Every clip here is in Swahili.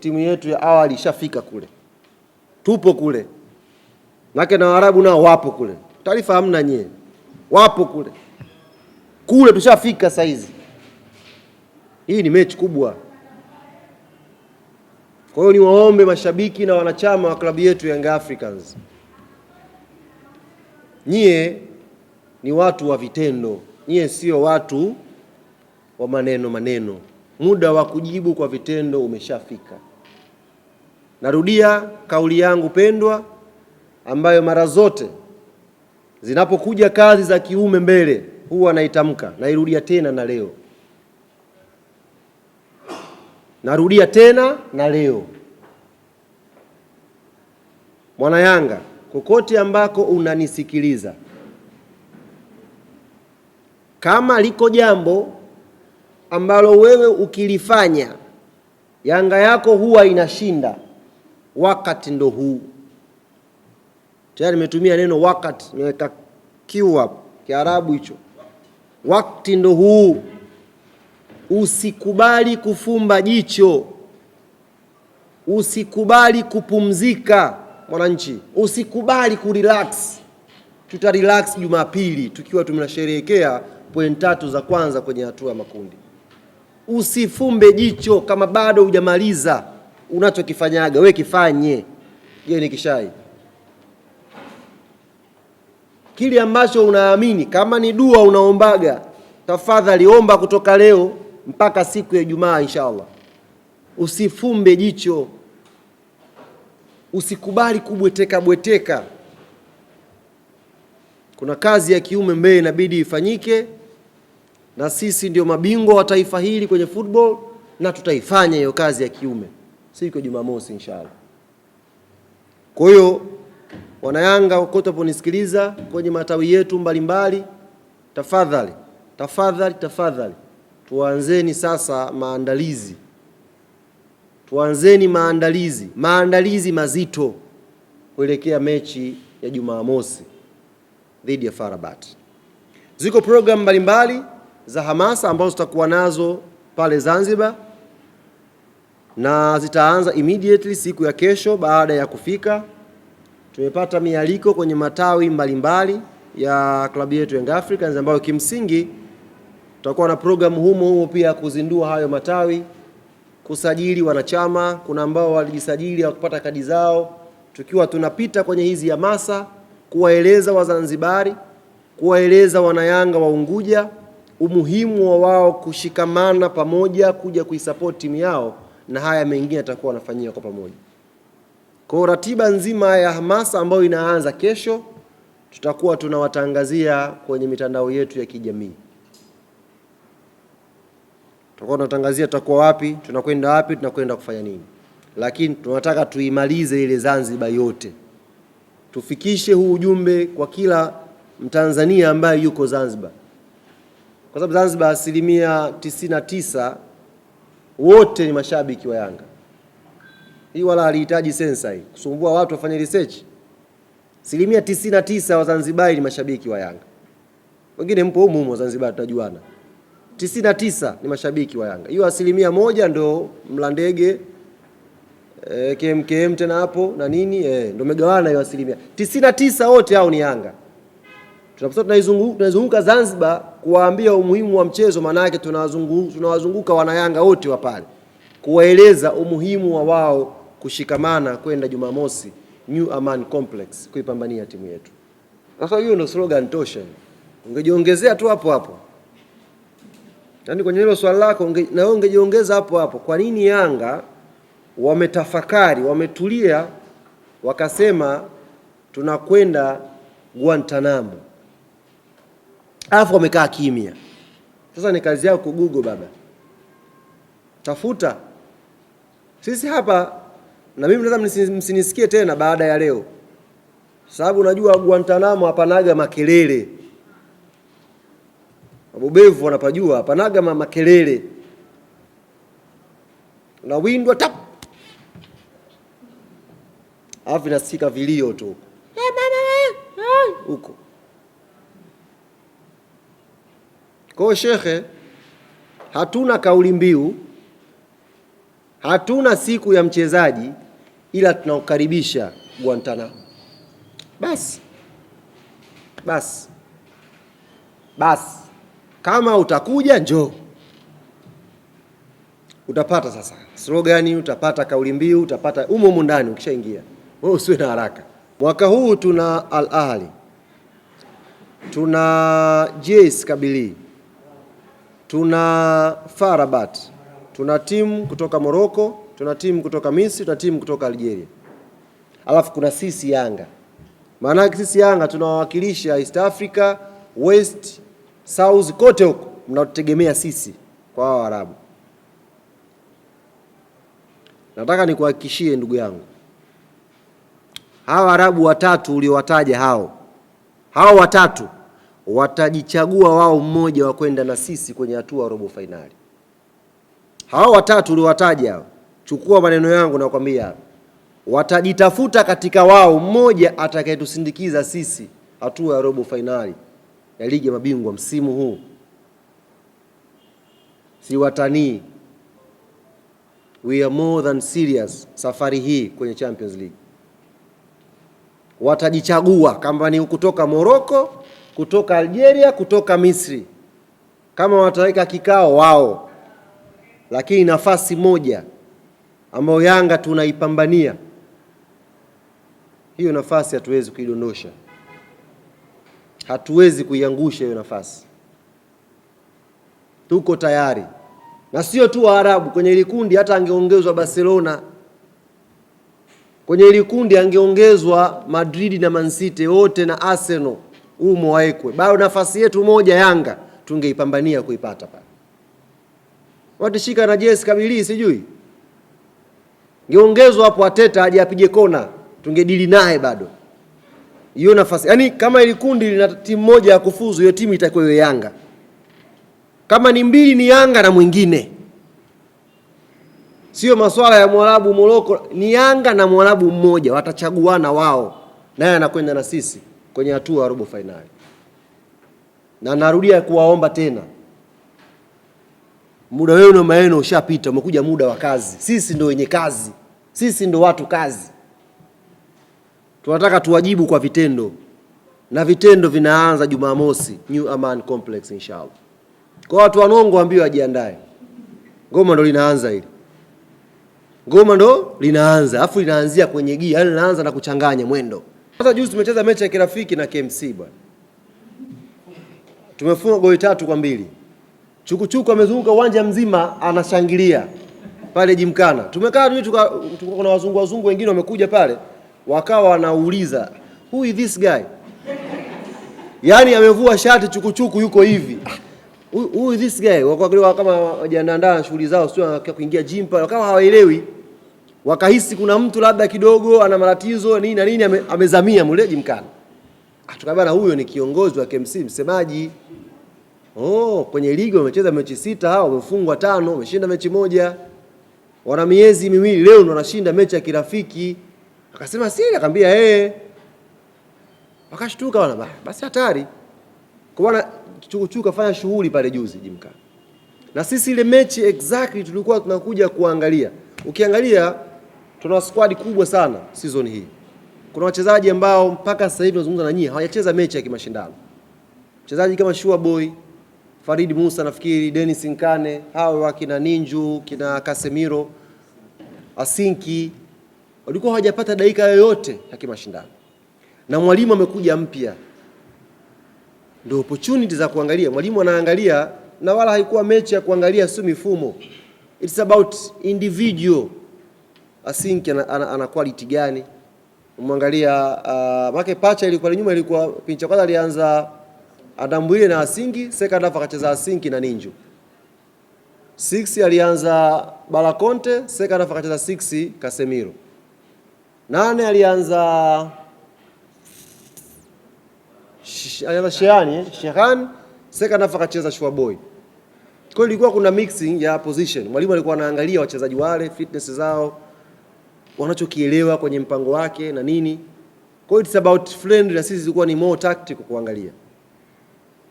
Timu yetu ya awali ishafika kule, tupo kule nake, na Waarabu nao wapo kule. Taarifa hamna nyie, wapo kule kule, tushafika saizi. Hii ni mechi kubwa. Kwa hiyo niwaombe mashabiki na wanachama wa klabu yetu Young Africans, nyie ni watu wa vitendo, nyie sio watu wa maneno maneno. Muda wa kujibu kwa vitendo umeshafika. Narudia kauli yangu pendwa ambayo mara zote zinapokuja kazi za kiume mbele huwa naitamka, nairudia tena na leo, narudia tena na leo. Mwana Yanga, kokote ambako unanisikiliza, kama liko jambo ambalo wewe ukilifanya Yanga yako huwa inashinda. Wakati ndo huu tayari, nimetumia neno wakati, nimeweka kiwa Kiarabu hicho. Wakati ndo huu, usikubali kufumba jicho, usikubali kupumzika mwananchi, usikubali kurelax. Tutarelax Jumapili tukiwa tunasherehekea pointi tatu za kwanza kwenye hatua ya makundi. Usifumbe jicho kama bado hujamaliza unachokifanyaga, we kifanye. Hiyo ni kishai kile ambacho unaamini, kama ni dua unaombaga, tafadhali omba kutoka leo mpaka siku ya Ijumaa inshallah. Usifumbe jicho, usikubali kubweteka bweteka. Kuna kazi ya kiume mbele inabidi ifanyike na sisi ndio mabingwa wa taifa hili kwenye football, na tutaifanya hiyo kazi ya kiume siku ya Jumamosi inshallah. Kwa hiyo wanayanga kote ponisikiliza kwenye matawi yetu mbalimbali, tafadhali tafadhali tafadhali, tuanzeni sasa maandalizi, tuanzeni maandalizi, maandalizi mazito kuelekea mechi ya Jumamosi dhidi ya Farabat. Ziko programu mbalimbali za hamasa ambazo zitakuwa nazo pale Zanzibar na zitaanza immediately siku ya kesho baada ya kufika. Tumepata mialiko kwenye matawi mbalimbali mbali ya klabu yetu Young Africans ambayo kimsingi tutakuwa na programu humo humo pia kuzindua hayo matawi, kusajili wanachama. Kuna ambao walijisajili hawakupata kadi zao, tukiwa tunapita kwenye hizi hamasa kuwaeleza Wazanzibari, kuwaeleza wanayanga wa Unguja umuhimu wa wao kushikamana pamoja kuja kuisupport timu yao, na haya mengine yatakuwa wanafanyia kwa pamoja. Kwa ratiba nzima ya hamasa ambayo inaanza kesho, tutakuwa tunawatangazia kwenye mitandao yetu ya kijamii. Tutakuwa tunatangazia tutakuwa wapi, tunakwenda wapi, tunakwenda kufanya nini, lakini tunataka tuimalize ile Zanzibar yote, tufikishe huu ujumbe kwa kila Mtanzania ambaye yuko Zanzibar kwa sababu Zanzibar asilimia 99 wote ni mashabiki wa Yanga. Hii wala halihitaji sensa hii kusumbua watu wafanye research. Asilimia wa Zanzibar ni mashabiki wa Yanga, wengine mpo humu humu Zanzibar, tutajuana. 99 ni mashabiki wa Yanga, hiyo asilimia moja ndo Mlandege ndege eh, e, KMKM tena hapo na nini e, ndo megawana hiyo asilimia 99. Wote hao ni Yanga. Tunaizunguka Zanzibar kuwaambia umuhimu wa mchezo, maana yake tunawazunguka wanayanga wote wa pale, kuwaeleza umuhimu wa wao kushikamana kwenda Jumamosi New Aman Complex kuipambania timu yetu. Sasa hiyo ndio slogan tosha, ungejiongezea tu hapo hapo, yaani kwenye hilo swali lako unge, na wewe ungejiongeza hapo hapo. Kwa nini Yanga wametafakari, wametulia, wakasema tunakwenda Guantanamo? alafu wamekaa kimya. Sasa ni kazi yao kugugo baba, tafuta. Sisi hapa na mimi naweza msinisikie tena baada ya leo, sababu unajua Guantanamo hapanaga makelele, wabobevu wanapajua, hapanaga makelele na windwa tap, alafu inasikika vilio tu eh, eh, eh! huko Kwa hiyo shekhe, hatuna kauli mbiu, hatuna siku ya mchezaji, ila tunaokaribisha Guantanamo. Basi basi basi, kama utakuja njoo, utapata sasa slogani, utapata kauli mbiu, utapata umo umo ndani. Ukishaingia wewe usiwe na haraka. Mwaka huu tuna Al Ahli, tuna JS Kabili tuna FAR Rabat, tuna timu kutoka Morocco, tuna timu kutoka Misri, tuna timu kutoka Algeria, alafu kuna sisi Yanga. Maana sisi Yanga tunawawakilisha East Africa, West, South, kote huko mnatutegemea sisi kwa hao arabu Nataka nikuhakikishie ndugu yangu, hawa arabu watatu uliowataja hao hao watatu watajichagua wao mmoja wa kwenda na sisi kwenye hatua ya robo fainali. Hao watatu uliowataja, chukua maneno yangu na watajitafuta katika wao mmoja atakayetusindikiza sisi hatua ya robo fainali ya ligi ya mabingwa msimu huu. Si watanii, we are more than serious safari hii kwenye Champions League. Watajichagua kama ni kutoka Morocco kutoka Algeria, kutoka Misri, kama wataweka kikao wao, lakini nafasi moja ambayo Yanga tunaipambania hiyo nafasi, hatuwezi kuidondosha, hatuwezi kuiangusha hiyo nafasi. Tuko tayari, na sio tu Waarabu kwenye ile kundi. Hata angeongezwa Barcelona kwenye ile kundi, angeongezwa Madrid na Man City wote na Arsenal umo waekwe, Bado nafasi yetu moja Yanga tungeipambania kuipata pale. shika na jesi kabili sijui ngeongezwa hapo, Ateta aje apige kona, tungedili naye bado hiyo nafasi. Yaani kama ili kundi lina timu moja ya kufuzu, hiyo timu itakuwa hiyo Yanga. Kama ni mbili ni Yanga na mwingine, sio masuala ya Mwarabu Moroko, ni Yanga na Mwarabu mmoja, watachaguana wao, naye anakwenda na sisi kwenye hatua ya robo fainali, na narudia kuwaomba tena, muda wenu maeno ushapita, umekuja muda wa kazi. Sisi ndo wenye kazi, sisi ndo watu kazi. Tunataka tuwajibu kwa vitendo, na vitendo vinaanza Jumamosi New Aman Complex inshallah. Kwa watu wanongo ambao wajiandae, ngoma ndo linaanza hili ngoma ndo linaanza, afu linaanzia kwenye gia, yani linaanza na kuchanganya mwendo. Sasa juzi tumecheza mechi ya kirafiki na KMC bwana, tumefunga goli tatu kwa mbili. Chukuchuku amezunguka uwanja mzima anashangilia pale Jimkana. Tumekaa na wazungu wazungu wengine wamekuja pale, wakawa wanauliza who is this guy? Yaani amevua shati chukuchuku yuko hivi who is this guy? Wakawa kama wajiandaa na shughuli zao, sio kuingia gym pale, wakawa hawaelewi wakahisi kuna mtu labda kidogo ana matatizo nini na nini, ame, amezamia mule jimkana, ah, tukabana huyo ni kiongozi wa KMC msemaji. Oh, kwenye ligi wamecheza mechi sita, hao wamefungwa tano, wameshinda mechi moja, wana miezi miwili, leo ndo wanashinda mechi ya kirafiki. Akasema siri, akamwambia eh, yeye, akashtuka bwana, basi hatari kwa wana chukuchuka, fanya shughuli pale juzi jimkana, na sisi ile mechi exactly tulikuwa tunakuja kuangalia, ukiangalia tuna squad kubwa sana season hii. Kuna wachezaji ambao mpaka sasa hivi nazungumza na nyinyi hawajacheza mechi ya kimashindano. Mchezaji kama Shua Boy, Farid Musa, nafikiri Dennis Nkane, hawa kina Ninju, kina Casemiro, Asinki walikuwa hawajapata dakika yoyote ya kimashindano, na mwalimu amekuja mpya, ndio opportunity za kuangalia. Mwalimu anaangalia, na wala haikuwa mechi ya kuangalia, sio mifumo, it's about individual Asink ana, ana, ana quality gani? Umwangalia uh, make pacha ilikuwa nyuma, ilikuwa pincha kwanza alianza Adambwile na Asingi, second half akacheza Asinki na Ninju. 6 alianza Balakonte, second half akacheza 6 Kasemiro. Nane alianza alianza Shehani, eh, Shehan, second half akacheza Boy. Kwa hiyo ilikuwa kuna mixing ya position. Mwalimu alikuwa anaangalia wachezaji wale, fitness zao wanachokielewa kwenye mpango wake na nini. Kwa hiyo it's about friend, na sisi zilikuwa ni more tactical kuangalia,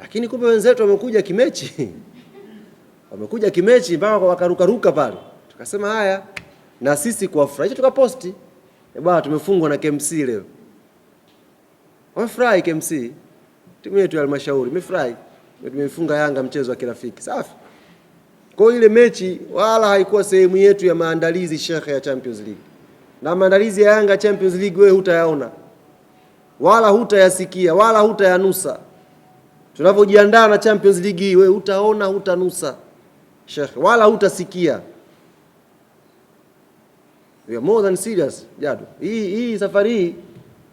lakini kumbe wenzetu wamekuja kimechi wamekuja kimechi mpaka wakarukaruka pale, tukasema haya na sisi kuwafurahisha tukaposti, e bwana, tumefungwa na KMC leo. Wamefurahi KMC, timu yetu ya halmashauri imefurahi, tumefunga Yanga mchezo wa kirafiki. Safi. Kwa hiyo ile mechi wala haikuwa sehemu yetu ya maandalizi shekhe ya Champions League na maandalizi ya Yanga Champions League wewe hutayaona wala hutayasikia wala hutayanusa. Tunavyojiandaa na Champions League hii wewe utaona hutanusa Sheikh, wala hutasikia. We are more than serious jado. Hii hii safari hii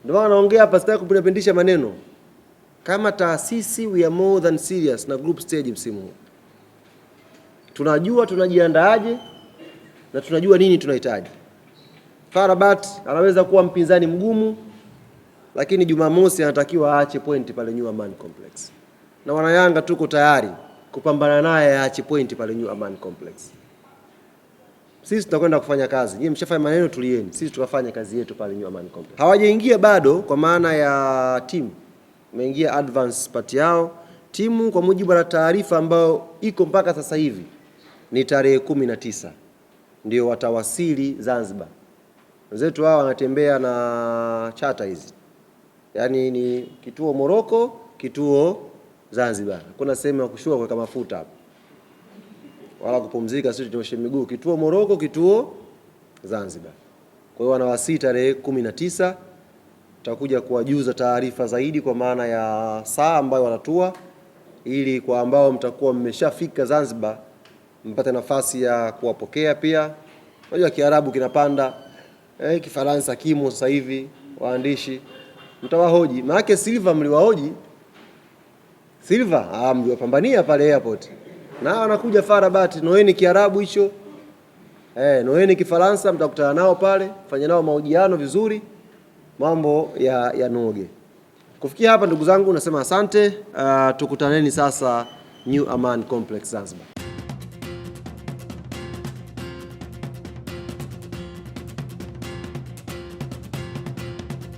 ndio maana naongea hapa, sitaki kupindapindisha maneno. Kama taasisi we are more than serious na group stage msimu huu. Tunajua tunajiandaaje na tunajua nini tunahitaji. Farabat anaweza kuwa mpinzani mgumu, lakini Jumamosi anatakiwa aache pointi pale New Aman Complex, na wanayanga tuko tayari kupambana naye aache pointi pale New Aman Complex. Sisi tutakwenda kufanya kazi. Nyinyi mshafanya maneno, tulieni, sisi tukafanya kazi yetu pale New Aman Complex. Hawajaingia bado kwa maana ya timu, wameingia advance part yao. Timu kwa mujibu wa taarifa ambayo iko mpaka sasa hivi ni tarehe kumi na tisa ndio watawasili Zanzibar. Wenzetu hawa wanatembea na chata hizi, yaani ni kituo Moroko, kituo Zanzibar. Kuna sehemu ya kushuka kuweka mafuta hapo wala kupumzika, sio tunyoshe miguu. Kituo Moroko, kituo Zanzibar. Kwa hiyo wanawasii tarehe kumi na tisa tutakuja kuwajuza taarifa zaidi kwa maana ya saa ambayo wanatua, ili kwa ambao mtakuwa mmeshafika Zanzibar mpate nafasi ya kuwapokea pia. Unajua Kiarabu kinapanda eh, Kifaransa kimo sasa hivi, waandishi mtawahoji, Maana Silva mliwahoji Silva, ah, mliwapambania pale airport, na wanakuja Farabat, noeni Kiarabu hicho eh, noeni Kifaransa, mtakutana nao pale, fanya nao mahojiano vizuri, mambo ya, ya noge. Kufikia hapa ndugu zangu, nasema asante. Uh, tukutaneni sasa New Aman Complex Zanzibar.